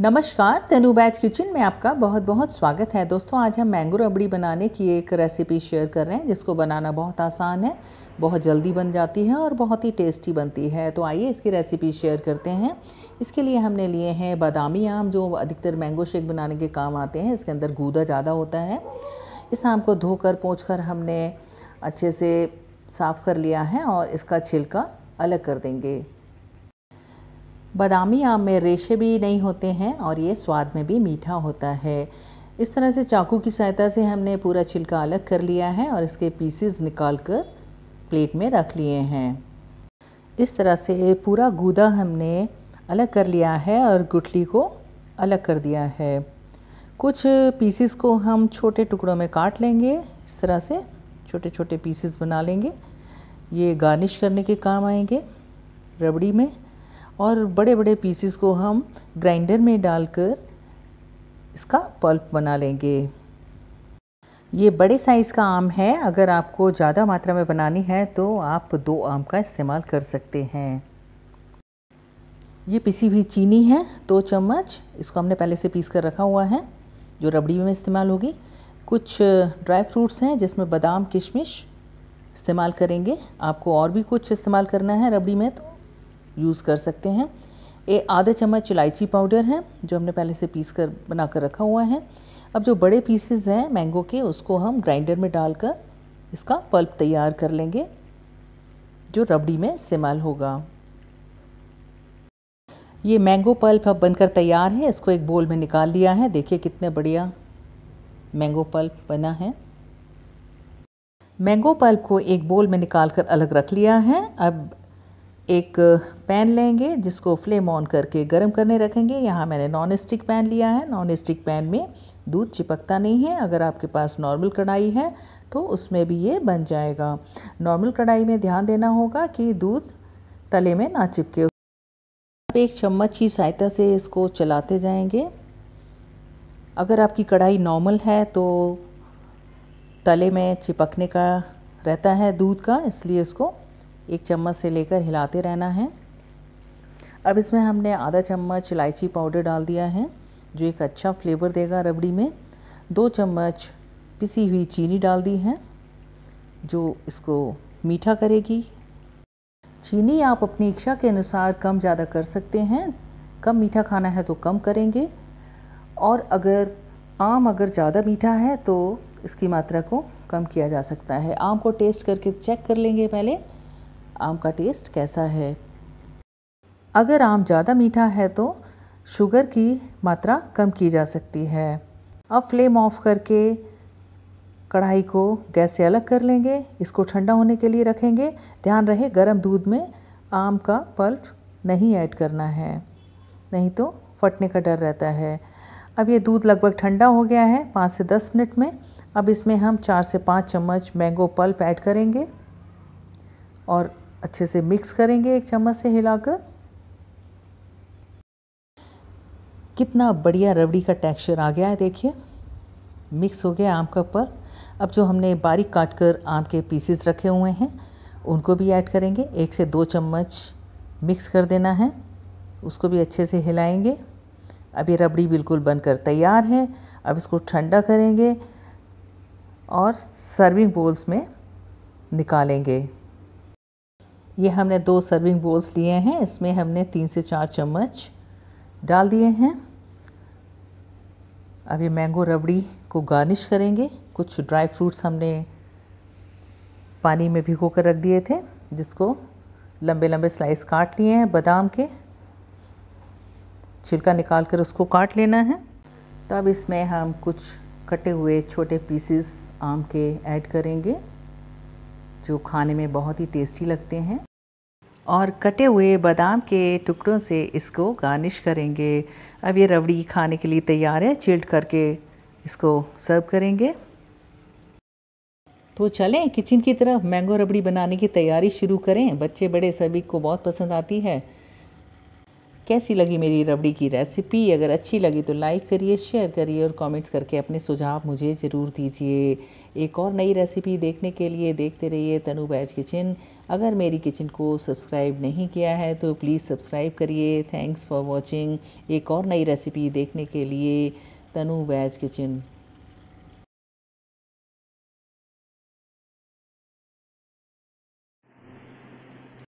नमस्कार तनु बैच किचन में आपका बहुत बहुत स्वागत है दोस्तों आज हम मैंगो रबड़ी बनाने की एक रेसिपी शेयर कर रहे हैं जिसको बनाना बहुत आसान है बहुत जल्दी बन जाती है और बहुत ही टेस्टी बनती है तो आइए इसकी रेसिपी शेयर करते हैं इसके लिए हमने लिए हैं बादामी आम जो अधिकतर मैंगो शेक बनाने के काम आते हैं इसके अंदर गूदा ज़्यादा होता है इस आम को धोकर पोंछ कर हमने अच्छे से साफ़ कर लिया है और इसका छिलका अलग कर देंगे बादामी आम में रेशे भी नहीं होते हैं और ये स्वाद में भी मीठा होता है इस तरह से चाकू की सहायता से हमने पूरा छिलका अलग कर लिया है और इसके पीसेस निकाल कर प्लेट में रख लिए हैं इस तरह से पूरा गूदा हमने अलग कर लिया है और गुठली को अलग कर दिया है कुछ पीसेस को हम छोटे टुकड़ों में काट लेंगे इस तरह से छोटे छोटे पीसेस बना लेंगे ये गार्निश करने के काम आएंगे रबड़ी में और बड़े बड़े पीसेस को हम ग्राइंडर में डालकर इसका पल्प बना लेंगे ये बड़े साइज़ का आम है अगर आपको ज़्यादा मात्रा में बनानी है तो आप दो आम का इस्तेमाल कर सकते हैं ये पिसी हुई चीनी है दो चम्मच इसको हमने पहले से पीस कर रखा हुआ है जो रबड़ी में इस्तेमाल होगी कुछ ड्राई फ्रूट्स हैं जिसमें बादाम किशमिश इस्तेमाल करेंगे आपको और भी कुछ इस्तेमाल करना है रबड़ी में तो यूज़ कर सकते हैं ये आधे चम्मच इलायची पाउडर है जो हमने पहले से पीस कर बना कर रखा हुआ है अब जो बड़े पीसेस हैं मैंगो के उसको हम ग्राइंडर में डालकर इसका पल्प तैयार कर लेंगे जो रबड़ी में इस्तेमाल होगा ये मैंगो पल्प अब बनकर तैयार है इसको एक बोल में निकाल लिया है देखिए कितने बढ़िया मैंगो पल्प बना है मैंगो पल्प को एक बोल में निकाल कर अलग रख लिया है अब एक पैन लेंगे जिसको फ्लेम ऑन करके गर्म करने रखेंगे यहाँ मैंने नॉन स्टिक पैन लिया है नॉन स्टिक पैन में दूध चिपकता नहीं है अगर आपके पास नॉर्मल कढ़ाई है तो उसमें भी ये बन जाएगा नॉर्मल कढ़ाई में ध्यान देना होगा कि दूध तले में ना चिपके आप एक चम्मच ही सहायता से इसको चलाते जाएंगे अगर आपकी कढ़ाई नॉर्मल है तो तले में चिपकने का रहता है दूध का इसलिए इसको एक चम्मच से लेकर हिलाते रहना है अब इसमें हमने आधा चम्मच इलायची पाउडर डाल दिया है जो एक अच्छा फ्लेवर देगा रबड़ी में दो चम्मच पिसी हुई चीनी डाल दी है जो इसको मीठा करेगी चीनी आप अपनी इच्छा के अनुसार कम ज़्यादा कर सकते हैं कम मीठा खाना है तो कम करेंगे और अगर आम अगर ज़्यादा मीठा है तो इसकी मात्रा को कम किया जा सकता है आम को टेस्ट करके चेक कर लेंगे पहले आम का टेस्ट कैसा है अगर आम ज़्यादा मीठा है तो शुगर की मात्रा कम की जा सकती है अब फ्लेम ऑफ करके कढ़ाई को गैस से अलग कर लेंगे इसको ठंडा होने के लिए रखेंगे ध्यान रहे गर्म दूध में आम का पल्प नहीं ऐड करना है नहीं तो फटने का डर रहता है अब ये दूध लगभग ठंडा हो गया है पाँच से दस मिनट में अब इसमें हम चार से पाँच चम्मच मैंगो पल्प ऐड करेंगे और अच्छे से मिक्स करेंगे एक चम्मच से हिलाकर कितना बढ़िया रबड़ी का टेक्सचर आ गया है देखिए मिक्स हो गया आम का पर अब जो हमने बारीक काट कर आम के पीसेस रखे हुए हैं उनको भी ऐड करेंगे एक से दो चम्मच मिक्स कर देना है उसको भी अच्छे से हिलाएंगे अब ये रबड़ी बिल्कुल बनकर तैयार है अब इसको ठंडा करेंगे और सर्विंग बोल्स में निकालेंगे ये हमने दो सर्विंग बोल्स लिए हैं इसमें हमने तीन से चार चम्मच डाल दिए हैं अब ये मैंगो रबड़ी को गार्निश करेंगे कुछ ड्राई फ्रूट्स हमने पानी में भिगो कर रख दिए थे जिसको लंबे लंबे स्लाइस काट लिए हैं बादाम के छिलका निकाल कर उसको काट लेना है तब इसमें हम कुछ कटे हुए छोटे पीसेस आम के ऐड करेंगे जो खाने में बहुत ही टेस्टी लगते हैं और कटे हुए बादाम के टुकड़ों से इसको गार्निश करेंगे अब ये रबड़ी खाने के लिए तैयार है चिल्ड करके इसको सर्व करेंगे तो चलें किचन की तरफ मैंगो रबड़ी बनाने की तैयारी शुरू करें बच्चे बड़े सभी को बहुत पसंद आती है कैसी लगी मेरी रबड़ी की रेसिपी अगर अच्छी लगी तो लाइक करिए शेयर करिए और कमेंट्स करके अपने सुझाव मुझे ज़रूर दीजिए एक और नई रेसिपी देखने के लिए देखते रहिए तनु बैज किचन अगर मेरी किचन को सब्सक्राइब नहीं किया है तो प्लीज़ सब्सक्राइब करिए थैंक्स फॉर वॉचिंग एक और नई रेसिपी देखने के लिए तनु बैज किचन